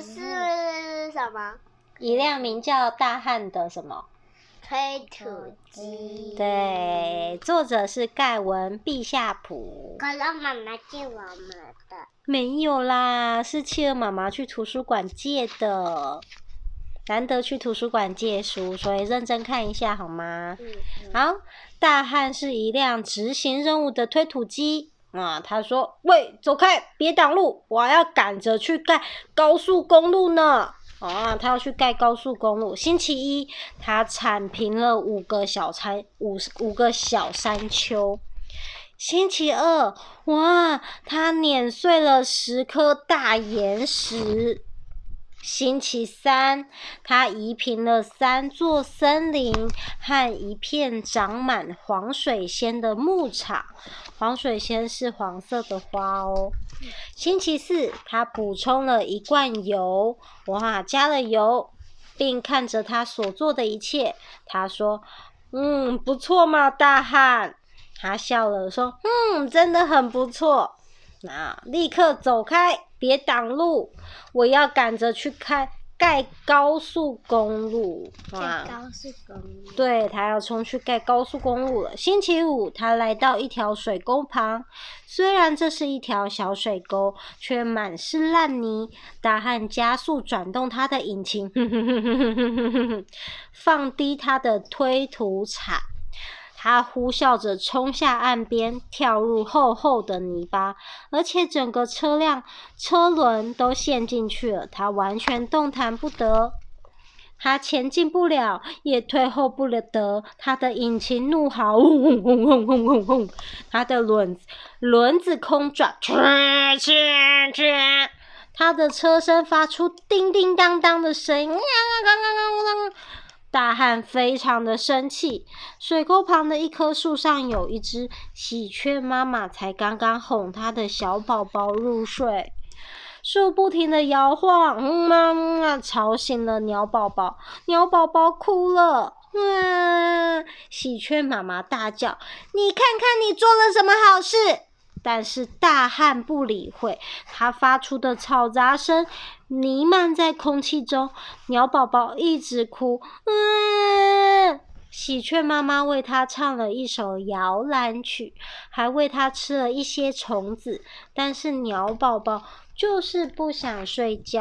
是什麼？一輛名叫大漢的什麼？推土機。對，作者是蓋文·畢夏普。可樂媽媽借我們的？沒有啦，是切爾媽媽去圖書館借的。難得去圖書館借書，所以認真看一下好嗎？嗯嗯，好，大漢是一輛執行任務的推土機。啊，他說：“喂，走開，別擋路，我還要趕着去蓋高速公路呢。”啊，他要去蓋高速公路。星期一，他鏟平了五個小山，五，五個小山丘。星期二，哇，他碾碎了十顆大岩石。星期三，他移平了三座森林和一片長滿黃水仙的牧場。黃水仙是黃色的花哦。星期四，他補充了一罐油，哇，加了油，並看着他所做的一切。他說：“嗯，不錯嘛，大漢。”他笑了說：“嗯，真的很不錯。”那立刻走開。別擋路！我要趕着去開蓋高速公路。蓋高速公路。對，他要衝去蓋高速公路了。星期五，他來到一條水溝旁，雖然這是一條小水溝，卻滿是爛泥。大漢加速轉動他的引擎， 放低他的推土鏟。他呼嘯着衝下岸邊，跳入厚厚的泥巴，而且整個車輛車輪都陷進去了，他完全動彈不得。他前進不了，也退後不了得。他的引擎怒吼，轟轟轟轟轟轟，他的輪子輪子空轉，圈圈圈。他的車身發出叮叮當當的聲音，啷啷啷啷啷。大漢非常的生氣，水溝旁的一棵樹上有一隻喜鵲媽媽，才剛剛哄他的小寶寶入睡，樹不停的搖晃，嗯啊嗯啊、嗯，吵醒了鳥寶寶，鳥寶寶哭了，嗯，喜鵲媽媽大叫：“你看看你做了什麼好事！”但是大漢不理會，他發出的嘈雜聲，瀰漫在空氣中。鳥寶寶一直哭，嗯。喜鵲媽媽為他唱了一首搖籃曲，還餵他吃了一些蟲子。但是鳥寶寶就是不想睡覺。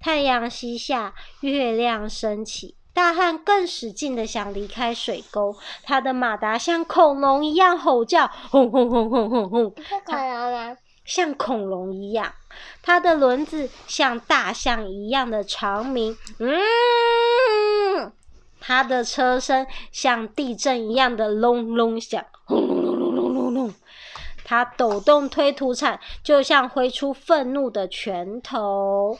太陽西下，月亮升起。大漢更使勁的想離開水溝，他的馬達像恐龍一樣吼叫，轟轟轟轟轟轟。像恐龍像恐龍一樣，他的輪子像大象一樣的長鳴，嗯，他的車身像地震一樣的隆隆響，轟隆隆隆隆隆。他抖動推土鏟，就像揮出憤怒的拳頭。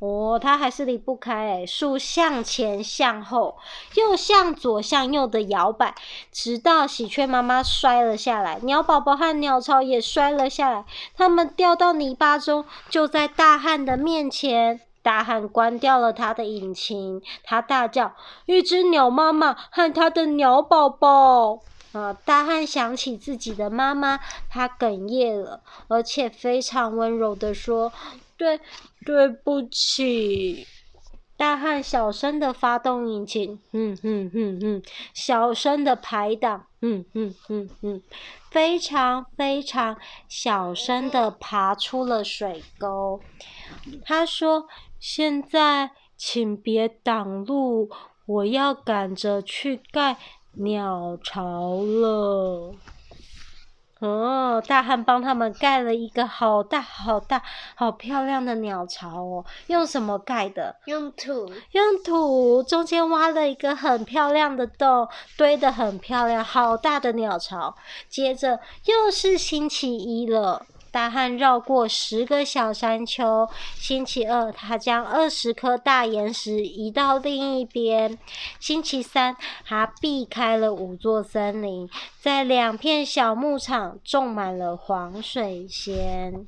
哦，他還是離不開哎，樹向前、向後、又向左、向右的搖擺，直到喜鵲媽媽摔了下來，鳥寶寶和鳥巢也摔了下來，它們掉到泥巴中，就在大漢的面前。大漢關掉了他的引擎，他大叫：“一隻鳥媽媽和他的鳥寶寶！”啊、呃，大漢想起自己的媽媽，他哽咽了，而且非常溫柔的說。對，對不起。大漢小聲的發動引擎，哼哼哼哼，小聲的排擋，哼哼哼哼，非常非常小聲的爬出了水溝。他說：“現在請別擋路，我要趕着去蓋鳥巢了。”哦，大漢幫他們蓋了一個好大好大、好漂亮的鳥巢哦。用什麼蓋的？用土。用土，中間挖了一個很漂亮的洞，堆得很漂亮，好大的鳥巢。接着又是星期一了。大漢繞過十個小山丘。星期二，他將二十顆大岩石移到另一邊。星期三，他避開了五座森林，在兩片小牧場種滿了黃水仙。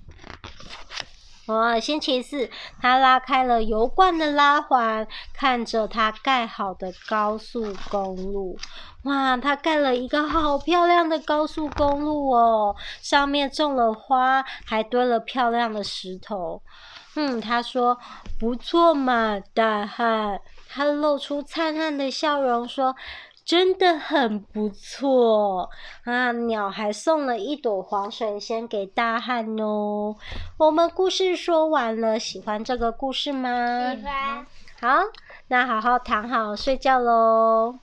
哦，星期四，他拉開了油罐的拉環，看着他蓋好的高速公路。哇，他蓋了一個好漂亮的高速公路哦！上面種了花，還堆了漂亮的石頭。嗯，他說：“不錯嘛，大漢。”他露出燦爛的笑容說：“真的很不錯啊！”鳥還送了一朵黃水仙給大漢哦。我們故事說完了，喜歡這個故事嗎？喜歡。好，那好好躺好睡覺嘍。